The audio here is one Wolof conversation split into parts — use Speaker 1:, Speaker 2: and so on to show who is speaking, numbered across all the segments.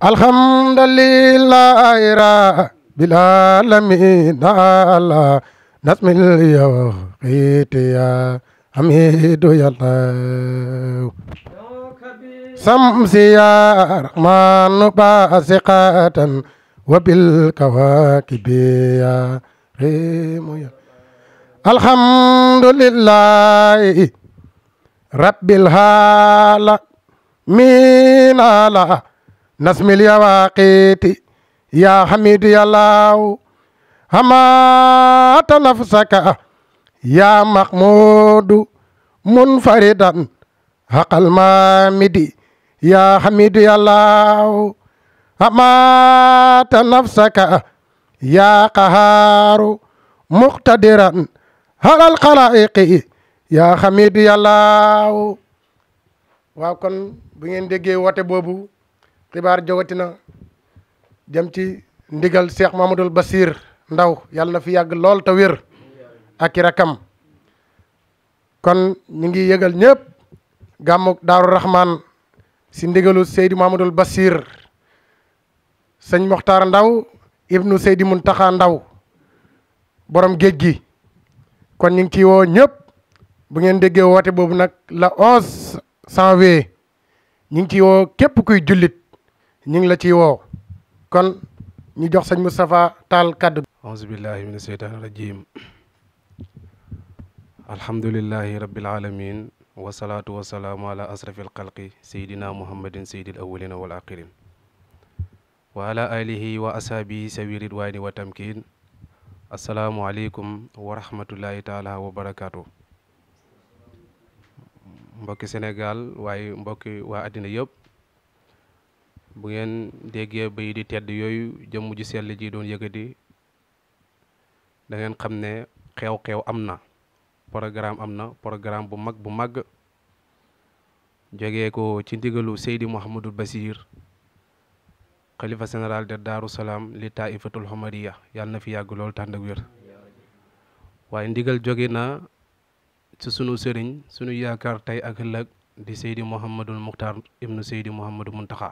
Speaker 1: alhamdulillahi rabbil alamin ala nasmil yawqitiya hamidu yallahu samsi rahmanu basiqatan wabil kawakibi ya rimu alhamdulillahi rabbil alamin ala nasmil waqiti ya hamid ya law hamata nafsaka ya mahmud munfaridan haqal mamidi ya hamid ya law hamata nafsaka ya qaharu muqtadiran halal khalaiqi ya hamid ya law wa kon bu ngeen déggee wote bobu xibaar jowati na jëm ci ndigal Cheikh Mamadou Bassir Ndaw yàlla na fi yàgg lool te wér ak i rakam kon ñu ngi yëgal ñëpp gàmmuk Daaru Rahman si ndigalu Seydi Mamadou Bassir sëñ Mokhtar Ndaw ibnu Seydi Muntaxa Ndaw borom géej gi kon ñu ngi ciy woo ñëpp bu ngeen déggee woote boobu nag la 11 janvier ñu ngi ciy woo képp kuy jullit نين لا تي وو كون ني جوخ سيغ مصطفى تال كادو
Speaker 2: اعوذ بالله من الشيطان الرجيم الحمد لله رب العالمين والصلاه والسلام على اشرف الخلق سيدنا محمد سيد الاولين والاخرين وعلى اله واصحابه سوير الوان وتمكين السلام عليكم ورحمه الله تعالى وبركاته مباكي سنغال واي مباكي وا ادنا ييب bu ngeen déggee bay di tedd yooyu jëmm ji sell ji doon yëkkati da ngeen xam ne xew-xew am na programme am na programme bu mag bu mag jógee ko ci ndigalu Seydi Mouhamadul Basir xalifa général de Daaru Salaam li taifatul Xamariya yàlla na fi yàgg loolu tànd ak waaye ndigal jóge na ci sunu sëriñ sunu yaakaar tey ak ëllëg di Seydi Mouhamadul Muxtaar ibnu Seydi Mouhamadou Muntaxa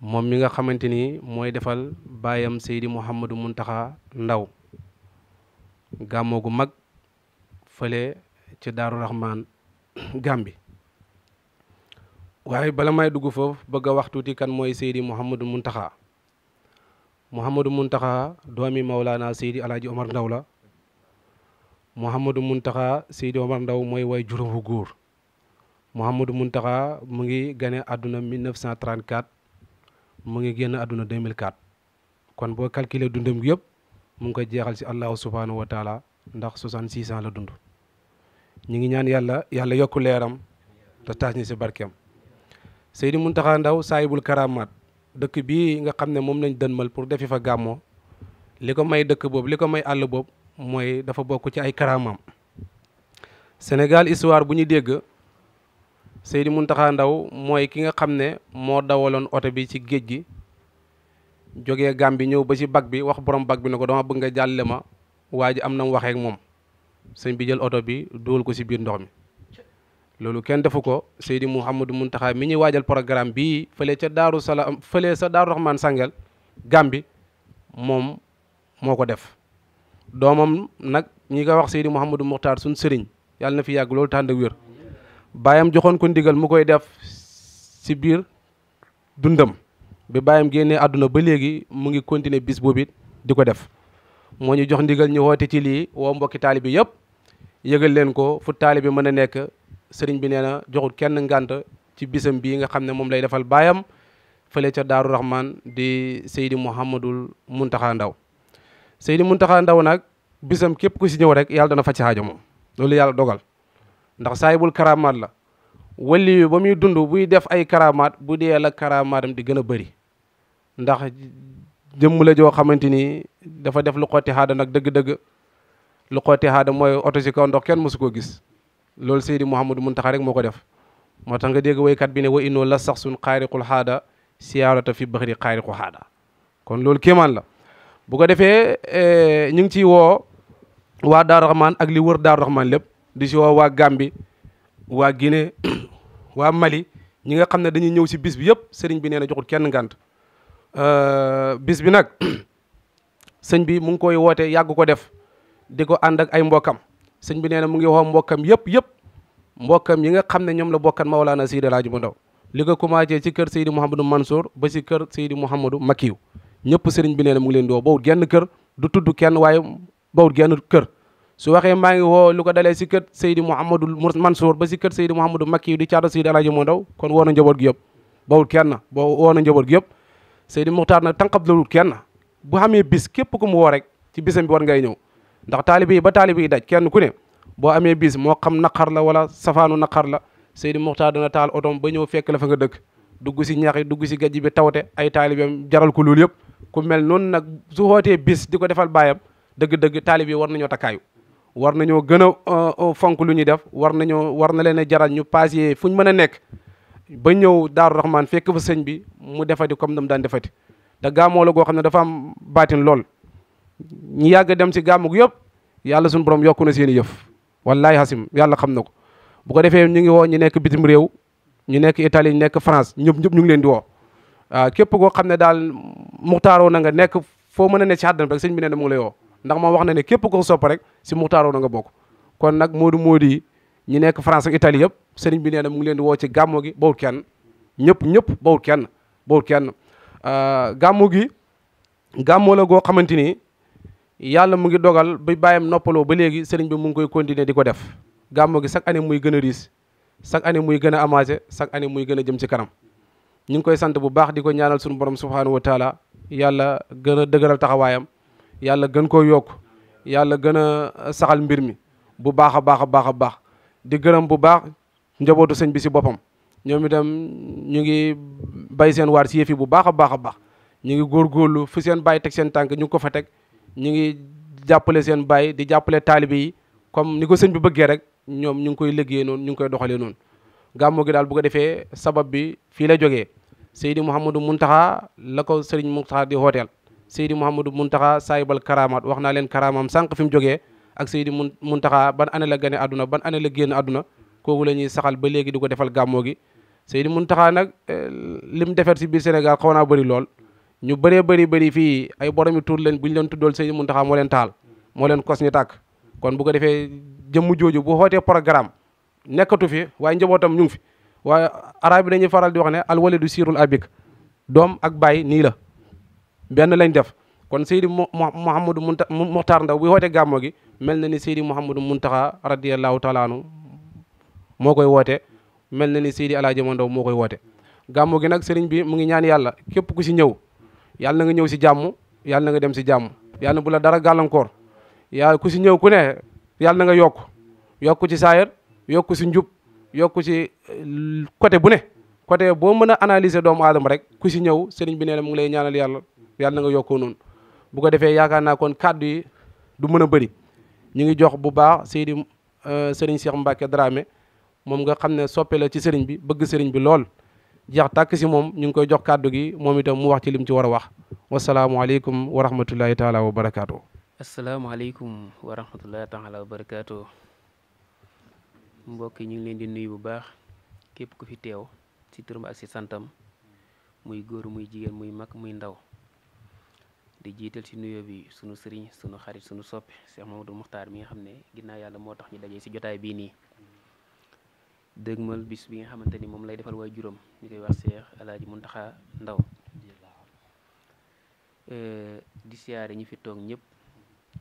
Speaker 2: mom mi nga xamanteni moy defal bayam Seydi Mouhamadou muntaha Ndaw gamogu mag fele ci daru Rahman Gambi. waye bala may duggu foofu bëgg a wax tuuti kan moy Seydi Mouhamadou muntaha Mouhamadou muntaha domi maulana Seydi Omar Ndaw la Muhammad Muntaxa Seydi Omar Ndaw moy way juróom wu Muhammad Mouhamadou Muntaxa mu ngi gane aduna 1934 mu ngi génn àdduna 2004 kon boo calculer dundam gi yëpp mu ngi koy jeexal ci allahu subhanahu wa taala ndax 66 ans la dund ñu ngi ñaan yàlla yàlla yokk leeram te taas ñi ci barkeem Seydi Muntaxa Ndaw saayibul karamaat dëkk bii nga xam ne moom lañ dënmal pour defi fa gàmmoo li ko may dëkk boobu li ko may àll boobu mooy dafa bokk ci ay karamaam Sénégal histoire bu ñu dégg Seydi Muntaxa Ndaw mooy ki nga xam ne moo dawaloon oto bi ci géej gi jógee Gàmbi ñëw ba ci bag bi wax borom bag bi ne ko dama bëgg nga jàlle ma waaj am na mu waxee moom sëñ bi jël oto bi dugal ko ci biir ndox mi loolu kenn defu ko Seydi Mouhamadou Muntaxa mi ñuy waajal programme bii fële ca Daaru Salaam fële sa Daaru Raxmaan Sàngel Gàmbi moom moo ko def doomam nag ñi ko wax Seydi Mouhamadou Muxtaar suñ sëriñ yàlla na fi yàgg loolu tànd ak baayam joxoon ko ndigal mu koy def ci biir dundam bi baayam génnee àdduna ba léegi mu ngi continuer bis boobu it di ko def moo ñu jox ndigal ñu woote ci lii woo mbokki taalibe yëpp yëgal leen ko fu taalibe mën a nekk sëriñ bi nee na joxul kenn ngant ci bisam bi nga xam ne moom lay defal baayam fële ca Daaru Rahman di Seydi Mouhamadul Muntaxa Ndaw Seydi Muntaxa Ndaw nag bisam képp ku si ñëw rek yàlla na faj si aajo moom loolu yàlla dogal ndax saahibul karamaat la wali ba muy dund buy def ay karamaat bu dee la karamaatam di gën a bëri ndax jëmm la joo xamante ni dafa def lu xotti xaada nag dëgg-dëgg lu xotti xaada mooy oto si kaw ndox kenn mosu koo gis loolu Seydi Mouhamadou Muntaxa rek moo ko def moo tax nga dégg woykat bi ne wa innoo la sax suñ xaariqul xaada siyaarata fi baxri xaariqu xaada kon loolu man la bu ko defee eh, ñu ngi ciy woo waa Daaru Raxmaan ak li wër Daaru Raxmaan lépp di si woo waa Gambie waa gine waa Mali ñi nga xam ne dañuy ñëw si bis bi yëpp sëriñ bi nee na joxul kenn ngant euh, bis bi nag sëñ bi mu ngi koy woote yàgg ko def di ko ànd ak ay mbokkam sëñ bi nee na mu ngi woo mbokkam yëpp yëpp mbokkam yi nga xam ne ñoom la bokkan Mawlaana Seydi Alaaji mu ndaw li ko commencé ci kër Seydi Mouhamadou Mansour ba si kër Seydi Mouhamadou Makiyu ñëpp sëriñ bi nee na mu ngi leen di woo bawut genn kër du tudd kenn waaye bawut genn kër su waxee maa ngi woo lu ko dalee si kër Seydi Mouhamadou Mansour ba si kër Seydi Mouhamadou Makki di caado Seydi Alaaji moo ndaw kon woo na njaboot gi yëpp bawul kenn boo woo na njaboot gi yëpp Seydi na nag tànqab lawul kenn bu xamee bis képp ku mu woo rek ci bisam bi war ngay ñëw ndax taalibe yi ba taalibe yi daj kenn ku ne boo amee bis moo xam naqar la wala safaanu naqar la Seydi Muxtaar dana taal otom ba ñëw fekk la fa nga dëkk dugg si ñax yi dugg si gajj bi tawte ay taalibeem jaral ko loolu yëpp ku mel noonu nag su xootee bis di ko defal baayam dëgg-dëgg taalib yi war nañoo takkaayu war nañoo gën a euh, euh, fonk lu ñuy def war nañoo war na leen a jaral ñu passé fu ñu mën a nekk ba ñëw daaru rahman fekk fa sëñ bi mu defati comme dam daan defati da gàmmoo la goo xam ne dafa am baatin lool ñu yàgg dem si gàmmug yëpp yàlla suñu borom yokku na seeni i yëf wallahi hasim yàlla xam na ko bu ko defee ñu ngi woo ñu nekk bitim réew ñu nekk Italie ñu nekk France ñëpp ñëpp ñu ngi leen di woo waaw képp koo xam ne daal muxtaaroo na nga nekk foo mën a ne si àddina rek sëñ ne na mu lay woo ndax ma wax na ne képp ko sopp rek si muxtaaroo na nga bok kon nak modou modi ñi nek France ak Italie yeb serigne bi neena mu ngi leen di wo ci gàmmo gi bawul kenn ñëpp ñëpp bawul kenn bawul kenn euh, gàmmo gi la go xamanteni yalla mu ngi dogal bi bayam noppalo ba legi serigne bi mu ngi koy continuer di def gàmmo gi sak ane muy gëna ris sak ane muy gëna amager sak ane muy gëna jëm ci kanam ñing koy sante bu baax di ñaanal suñu borom subhanahu wa taala yalla gëna a taxawayam yàlla gën ko yokk yàlla gën a saxal mbir mi bu baax a baax a baax a baax di gërëm bu baax njabootu sëñ bi si boppam ñoom itam ñu ngi bay seen waar si yëfi bu baax a baax a baax ñu ngi góorgóorlu fu seen bàyyi teg seen tànk ñu ngi ko fa teg ñu ngi jàppale seen baay di jàppale taalibe yi comme ni ko sëñ bi bëggee rek ñoom ñu ngi koy liggéeyee noonu ñu ngi koy doxalee noonu gàmmu gi daal bu ko defee sabab bi fii la jógee Seydi Mouhamadou Mountakha la ko sëriñ Mountakha di hooteel Seydi Mouhamadou muntaha saibal karamat waxna len karamam sank fim joge ak Seydi muntaha ban ane la gane aduna ban ane la génn aduna kogu la saxal ba legi di defal gamo gi Seydi muntaha nag eh, lim defer ci biir senegal xawna bari lol ñu bari bari bari fi ay boromi tur len buñ len leen tuddool Seydi Mountakha moo leen taal moo kos kon bu ko defé jëm joju bu xootee programme nekatu fi way njabootam ñu fi way arab dañuy faral di wax ne alwalidu sirul abik Dom ak nila. ni la benn lañ def kon Seydi Mouhamadou Munta Muxtaar Ndaw bu woote gàmmo gi mel na ni Seydi Mouhamadou Muntaxa radiyallahu taala anhu moo koy woote mel na ni Seydi Alaaji Mandaw moo koy woote gàmmo gi nag sëriñ bi mu ngi ñaan yàlla képp ku si ñëw yàlla na nga ñëw si jàmm yàlla na nga dem si jàmm yàlla na bu la dara gàllankoor yàlla ku si ñëw ku ne yàlla na nga yokk yokk ci saayir yokk si njub yokk si euh, côté bu ne côté boo mën a analyser doomu aadama rek ku si ñëw sëriñ bi nee na mu ngi lay ñaanal yàlla yalla nga yokkoo non bu ko defé yakarna kon kàddu yi du mën a bëri ñu ngi jox bu baax Seydi euh, Serigne Cheikh mbake Dramé mom nga xamné ne la ci serigne bi bëgg serigne bi lool jeex tak si mom ñu ngi koy jox kàddu gi moom itam mu wax ci lim ci war a wax alaykum wa rahmatullahi taala wa
Speaker 3: assalamu alaykum wa rahmatullahi taala wa barakatuh mbokk ñu ngi leen di nuyu bu baax képp ku fi teew ci turum ak si santam muy góor muy jigen muy mak muy ndaw. di jiital ci nuyoo bi sunu sëriñ sunu xarit sunu soppe Cheikh Mamadou Muxtaar mi nga xam ne ginnaaw yàlla moo tax ñu dajee si jotaay bii nii dëgmal bis bi nga xamante ni moom lay defal waay juróom ñu koy wax Cheikh Alaaji Muntaxa Ndaw eh, di siyaare ñu fi toog ñëpp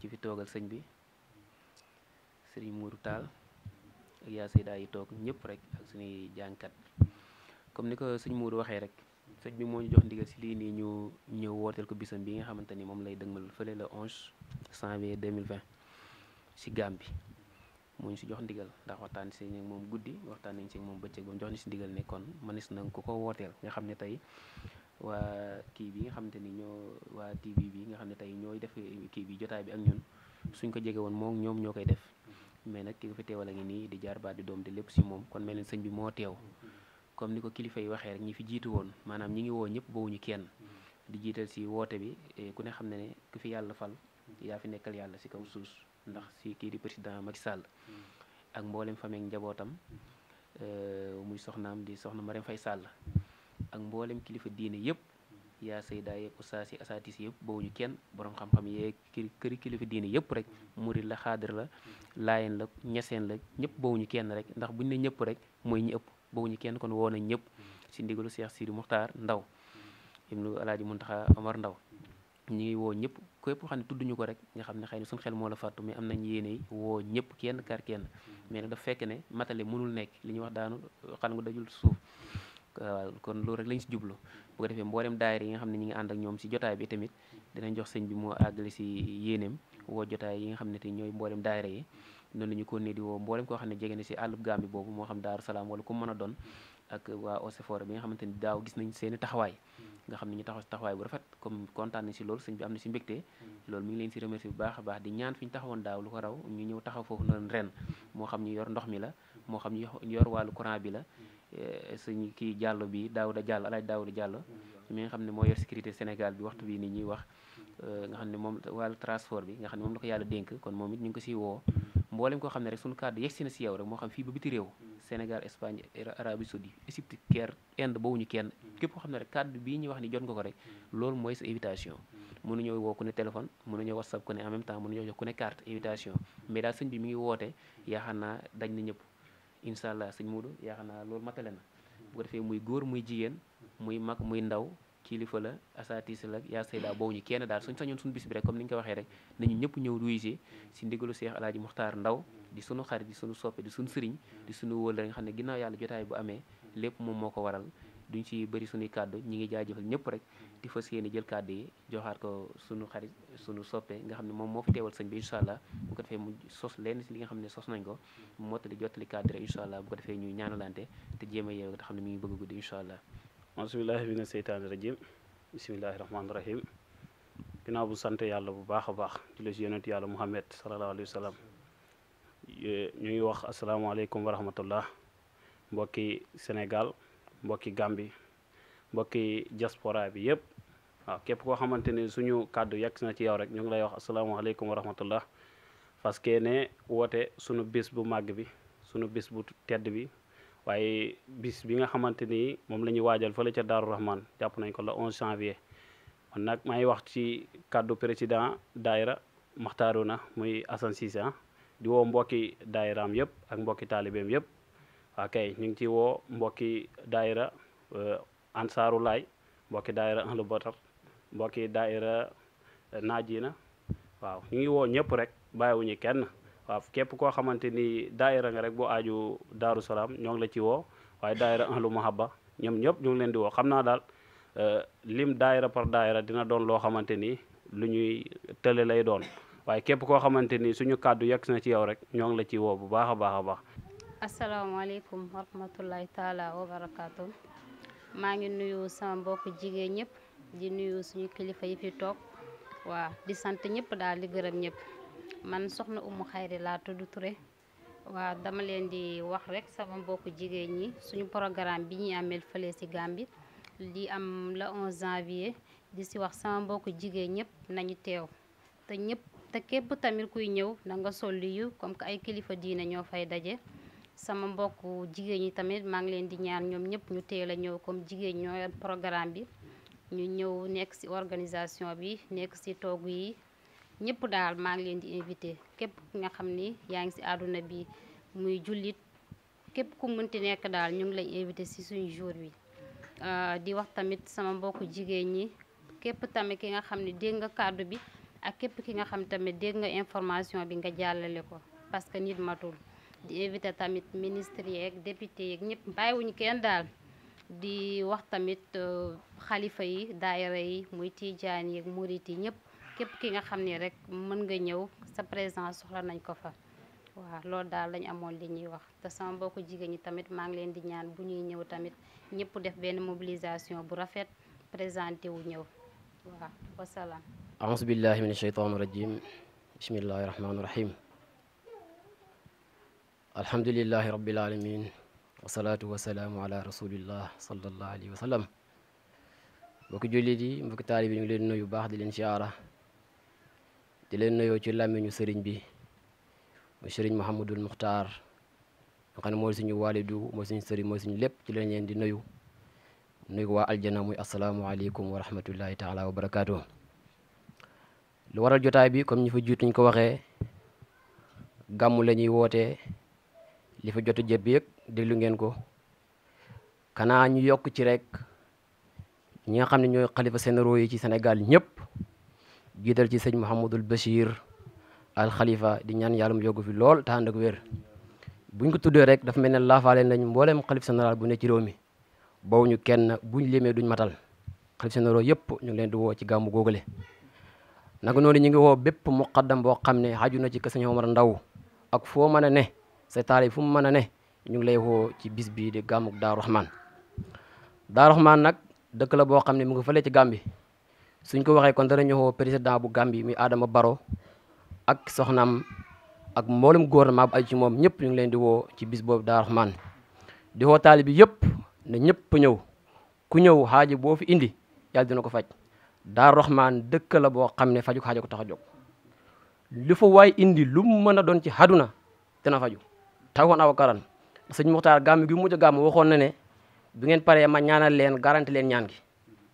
Speaker 3: ci fi toogal sëñ bi sëriñ muuru taal ak yaa Seydaa yi toog ñëpp rek ak suñuy jànkat comme ni ko sëñ Mourou waxee rek sëñ bi moo ñu jox ndigal si lii nii ñu ñëw wooteel ko bisam bi nga xamante ni moom lay dëgmal fële le 11 janvier 2020 si Gàmbi moo ñu si jox ndigal ndax waxtaan si ñu moom guddi waxtaan nañ si moom ba mu jox ñu si ndigal ne kon manis ko ko wooteel nga xam ne tey waa kii bi nga xamante ni ñoo waa TV bi nga xam ne tey ñooy def kii bi jotaay bi ak ñun suñ ko jege woon moom ñoom ñoo koy def mais nag ki nga fi teewal a ngi nii di jaar baat di doom di lépp si moom kon mel ni sëñ bi moo teew comme ni ko kilifa yi waxee rek ñi fi jiitu woon maanaam ñi ngi woo ñëpp ñu kenn mm. di jiital si woote bi eh, ku ne xam ne ne ku fi yàlla fal mm. yaa fi nekkal yàlla si kaw suus ndax si kii di président Macky Sall mm. ak mboolem famille njabootam eh, muy soxnaam di soxna Marème Faye ak mboolem kilifa diini yëpp yaa sayda yeeg ustaas yi asaatis yëpp bowuñu kenn borom xam-xam yeeg kër kilifa diine yëpp rek murid la xaadir la laayen la ñeseen la ñëpp bowuñu kenn rek ndax buñ ne ñëpp rek mooy ñu ëpp ñu kenn kon woo nañ ñëpp si ndigalu Cheikh Sidi Muxtaar Ndaw ibnu mun Muntaxa Omar Ndaw ñu ngi woo ñëpp képp xam ne tudduñu ko rek nga xam ne xëy na suñu xel moo la fàttu mais am nañ yéene woo ñëpp kenn mais nag dafa fekk ne matale mënul nekk li ñuy wax daanu xal nga dajul suuf waaw kon loolu rek lañ si jublu bu ko defee mboolem daayira yi nga xam ne ñu ngi ànd ak ñoom si jotaay bi tamit dinañ jox sëñ bi moo àggale si yéeneem woo jotaay yi nga xam ne te ñooy mboolem daayira yi noonu ñu ko ne di woo mboolem koo xam ne jege na si àllub Gàmbi boobu moo xam Daaru Salaam wala ku mën a doon ak waa Eaux et nga xamante ni daaw gis nañ seeni taxawaay nga xam ne ñu taxaw si taxawaay bu rafet comme kontaan nañ si lool sëñ bi am na si mbégte loolu mi ngi leen si remercier bu baax a baax di ñaan fi ñu taxawoon daaw lu ko raw ñu ñëw taxaw foofu noonu ren moo xam yor ndox mi la moo xam ñu yor wàllu courant bi la eh, suñu kii jàllo bi Daouda Diallo alaaj Daouda Diallo mi nga xam ne moo yor sécurité Sénégal bi waxtu bi ni ñuy wax eh, nga xam ne moom wàllu transport bi nga xam ne moom la ko yàlla dénk kon moom it ñu ngi ko siy woo mboolem ko xam ne rek sunu kàddu yegsi na si yow rek moo xam fii ba biti réew mm. Sénégal Espagne Arabie Saoudite Égypte Caire Inde bawuñu kenn mm. képp koo xam ne rek kàddu bii ñu wax ni jot nga ko rek mm. loolu mooy sa invitation mënuñoo woo ku ne téléphone mënuñoo whatsapp ko ne en même temps mënuñoo jox ku ne carte invitation mais daal sëñ bi mi ngi woote yaakaar naa dañ na ñëpp incha allah sëñ Moodu yaakaar naa loolu matale na bu ko defee muy góor muy jigéen muy mag muy ndaw kilifa la asatis la yaa sayda boobu ñu kenn daal suñ sañoon suñu bis bi rek comme ni nga ko waxee rek nañu ñëpp ñëw ruise si ndigalu Seex Alaaji Muxtaar Ndaw di sunu xarit di sunu soppe di sunu sëriñ di sunu wóol rek nga xam ne ginnaaw yàlla jotaay bu amee lépp moom moo ko waral duñ ci bëri suñuy kàddu ñi ngi jaajëfal ñëpp rek di fas yéene jël kàddu yi joxaat ko sunu xarit sunu soppe nga xam ne moom moo fi teewal sëñ bi incha allah ko defee mu sos lenn si li nga xam ne sos nañ ko mottali jottali kàddu rek incha allah bu ko defee ñuy ñaanalante te jéem a yeew nga ngi
Speaker 4: bëgg guddi incha allah asubillahi mina seytaani rajim bisimillahi rahmaani rahim ginnaaw bu sant yàlla bu baax a baax julli ci yonent yàlla muhammad sallallahu alayhi wa sallam ñu ngi wax asalaamaaleykum wa rahmatullah mbokki sénégal mbokki gambi mbokki diaspora bi yépp waaw képp koo xamante ne suñu kàddu yegg na ci yow rek ñu ngi lay wax asalaamaaleykum wa rahmatullah parce que ne woote suñu bis bu màgg bi suñu bis bu tedd bi waaye bis bi nga xamante ni moom la ñuy waajal fële ci Daaru Rahman jàpp nañ ko la 11 janvier man nag maa ngi wax ci kàddu président daayira Maxtaaruna muy Assane ah, di woo mbokki daayiraam yëpp ak mbokki taalibeem yëpp waa kay ñu ngi ci woo mbokki daayira euh, ansaaru laay mbokki daayira ahlu batar mbokki daayira euh, naajina waaw ñu ngi woo ñëpp rek bàyyiwuñu kenn waaw képp koo xamante ni daayira nga rek bu aaju daaru salaam ñoo ngi la ci woo waaye daayira ahlu mahabba ñoom ñëpp ñu ngi leen di woo xam naa daal euh, lim daayira par daayira dina doon loo xamante ni lu ñuy tële lay doon waaye képp koo xamante ni suñu kàddu yegg na ci yow rek ñoo ngi la ci woo bu baax a baax a baax
Speaker 5: asalaamaaleykum wa taala wa barakaatu maa ngi nuyu sama mbokk jigéen ñëpp di nuyu suñu kilifa yi fi toog waa di sant ñëpp daal di gërëm ñëpp man soxna Umu Xayri laa tudd Touré waaw dama leen di wax rek sama mbokku jigéen ñi suñu programme bi ñuy amel fële ci Gambie di am la 11 janvier di ci wax sama mbokku jigéen ñëpp nañu teew te ñëpp te képp tamit kuy ñëw na nga solli yu comme que ay kilifa diine ñoo fay daje sama mbokk jigéen ñi tamit maa ngi leen di ñaan ñoom ñëpp ñu teel a ñëw comme jigéen ñoo programme bi ñu ñëw nekk ci organisation bi nekk ci toogu yi ñëpp daal maa ngi leen di invité képp ki nga xam ni yaa ngi si àdduna bi muy jullit képp ku mënti nekk daal ñu ngi lay invité si suñu jour bi euh, di wax tamit sama mbokku jigéen ñi képp tamit ki nga xam ne dégg nga kàddu bi ak képp ki nga xam tamit dégg nga information bi nga jàllale ko parce que nit matul di invité tamit ministre yeeg député yeeg ñëpp bàyyiwuñu kenn daal di wax tamit euh, xalifa yi daayira yi muy tiijaan yeeg murit yi ñëpp كيف كينغ خامني رك من غنيو سبريزان سخلا نيكوفا ولو دالين أمول ديني وح تسمع بوكو جيغني تامت مانغلين دينيان بني نيو تامت نيبو ده بين موبيليزاسيون برافت بريزانتي ونيو وسلام
Speaker 6: أعوذ بالله من الشيطان الرجيم بسم الله الرحمن الرحيم الحمد لله رب العالمين والصلاة والسلام على رسول الله صلى الله عليه وسلم بوكو جوليدي مبوك تاليبي نيو لين نيو باخ دي لين شياره di leen nuyoo ci làmmiñu sëriñ bi mu sëriñ Mouhamadul Muxtaar nga moo ne mooy suñu waalidu mooy suñu sëriñ mooy suñu lépp ci leen leen di nuyu nuyu waa aljana muy asalaamualeykum wa rahmatullahi taala wa barakaatu. lu waral jotaay bi comme ñi fa jiituñ ko waxee gàmmu la ñuy wootee li fa jot a jëb yëg déglu ngeen ko kanaa ñu yokk ci rek ñi nga xam ne ñooy xalifa seen roo yi ci senegal ñëpp. jiital ci sëñ Mouhamadul Bachir al Khalifa di ñaan yàlla mu yokk fi lool te ànd ak wér buñ ko tuddee rek dafa mel ne laafaale nañ mbooleem xalif général bu ne ci réew mi bawuñu kenn buñ limee duñ matal xalif généraux yëpp ñu ngi leen di woo ci gàmmu googale naka noonu ñu ngi woo bépp muqaddam boo xam ne xaju na ci kër sëñ Omar Ndaw ak foo mën a ne sa taali fu mu mën a ne ñu ngi lay woo ci bis bii di gàmmuk Daaru Rahman Daaru Rahman nag dëkk la boo xam ne mu ngi fële ci Gàmbi suñ ko waxee kon dana ñëwoo président bu Gambie muy Adama baro ak soxnaam ak mboolem gouvernement bu aju ci moom ñëpp ñu ngi leen di woo ci bis boobu Daaru Rahmaan di woo bi yëpp na ñëpp ñëw ku ñëw xaaji boo fi indi yàlla dina ko faj Daaru Rahmaan dëkk la boo xam ne faju xaaja ko tax a jóg lu fa waay indi lu mu mën a doon ci haduna dina faju tawoon aw karan sëñ Muxtaar gàmm gi mujj a gàmm waxoon na ne bi ngeen paree ma ñaanal leen garanti leen ñaan gi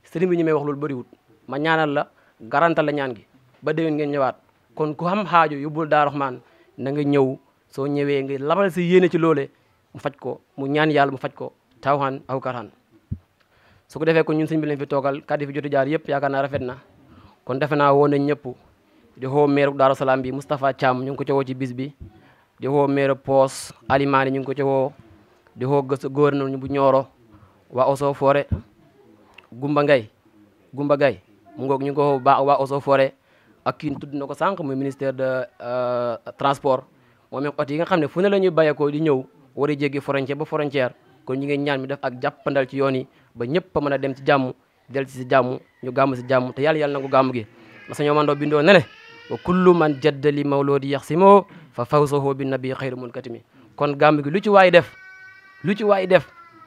Speaker 6: sëriñ bi ñu may wax loolu bëriwut ma ñaanal la garantal la ñaan gi ba déwén ngeen ñëwaat kon ku xam xaajo yóbbul daa raxmaan na nga ñëw soo ñëwee nga labal si yéene ci loole mu faj ko mu ñaan yàlla mu faj ko tawxaan aw karxaan su ko defee ko ñun sëñ bi fi toogal kàddu fi jotu jaar yëpp yaakaar naa rafet na kon defe naa woo nañ ñëpp di xoo meeru Daaru Salaam bi Moustapha Thiam ñu ngi ko ca woo ci bis bi di xoo meeru Poos Alimani ñu ngi ko ca woo di xoo gës gouverneur bu Ñooro waa Osso Forêt Gumba Ngay Gumba Ngay mu ngoog ñu ngi ko ba waa Eaux et Forêts ak kii tudd na ko sànq muy ministère de euh, transport moom it oto yi nga xam ne fu ne la ñuy bàyyeekoo di ñëw war a jéggi frontière ba frontière kon ñu ngi ñaan mi def ak jàppandal ci yoon yi ba ñëpp a mën a dem ci jàmm del ci si jàmm ñu gàmm si jàmm te yàlla yàlla na ko gàmm gi parce que ñoo mandoo bindoo ne ne wa kullu man jaddali mawloodi yax simoo fa fawsahu bi nabi xayru munkatimi kon gàmm gi lu ci waay def lu ci waay def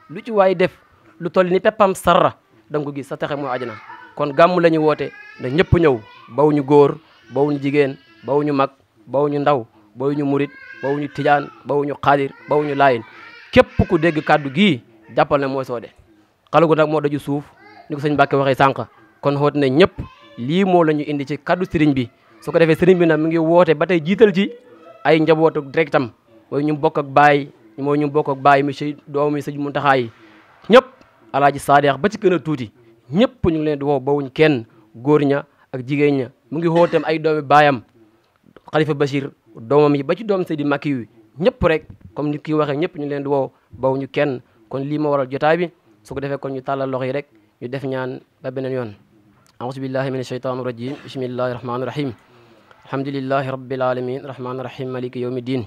Speaker 6: lu ci waay def lu toll ni peppam sarra da nga ko gis sa texe mooy àjjana kon gàmm la ñu woote na ñëpp ñëw baw ñu góor baw ñu jigéen baw ñu mag baw ñu ndaw baw ñu murit baw ñu tijaan baw ñu xaadir baw ñu laayin képp ku dégg kàddu gii jàppal na mooy soode xalagu nag moo daju suuf ni ko sëñ Mbàkke waxee sànq kon xoot ne ñëpp lii moo la ñu indi ci kàddu sëriñ bi su ko defee sëriñ bi nag mu ngi woote ba tey jiital ci ay njabootu directam mooy ñu bokk ak baay mooy ñu bokk ak baay mi si doomi sëñ Muntaxa yi ñëpp alaaji Saadix ba ci gën tuuti ñëpp ñu ngi leen di woo bawuñ kenn góor ña ak jigéen ña mu ngi wooteem ay doomi baayam xalifa Bachir doomam yi ba ci doom Seydi Makki yu ñëpp rek comme ni kii waxee ñëpp ñu leen di woo bawuñu kenn kon lii ma waral jotaay bi su ko defee kon ñu tàllal loxo yi rek ñu def ñaan ba beneen yoon auzu billahi min asheytan irajim bismillahi rahmani rahim alhamdulilahi rabbil alamin rahmani rahim maliki yawmi din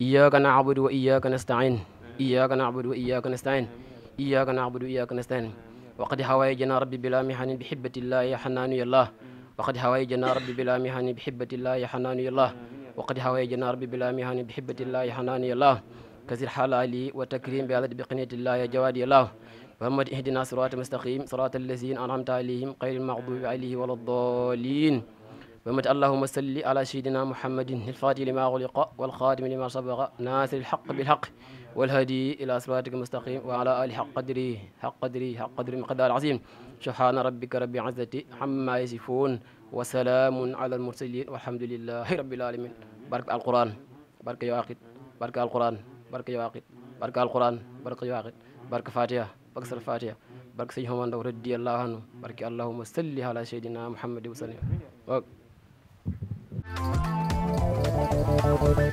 Speaker 6: iyaka naabudu wa iyaka nastain iyaka naabudu wa iyaka nastain iyaka naabudu wa iyaka nastain وقد هوايجنا ربي بلا محن بحبة الله يا حنان يا الله وقد هوايجنا ربي بلا محن بحبة الله يا حنان يا الله وقد هوايجنا ربي بلا محن بحبة الله يا حنان يا الله كثير علي وتكريم بعدد بقنية الله يا جواد يا الله محمد اهدنا صراط مستقيم صراط الذين أنعمت عليهم غير المغضوب عليه ولا الضالين محمد اللهم صل على سيدنا محمد الفاتح لما غلق والخاتم لما سبق ناصر الحق بالحق والهدي إلى صراطك المستقيم وعلى آل حق قدري حق قدري حق قدري من قدر العظيم سبحان ربك رب عزتي عما يصفون وسلام على المرسلين والحمد لله رب العالمين بارك القرآن بارك يا عاقد بارك القرآن بارك يا عاقد بارك القرآن بارك يا عاقد بارك فاتحة بارك سر فاتحة بارك سيدنا محمد رضي الله عنه بارك اللهم صل على سيدنا محمد وسلم
Speaker 1: Thank you.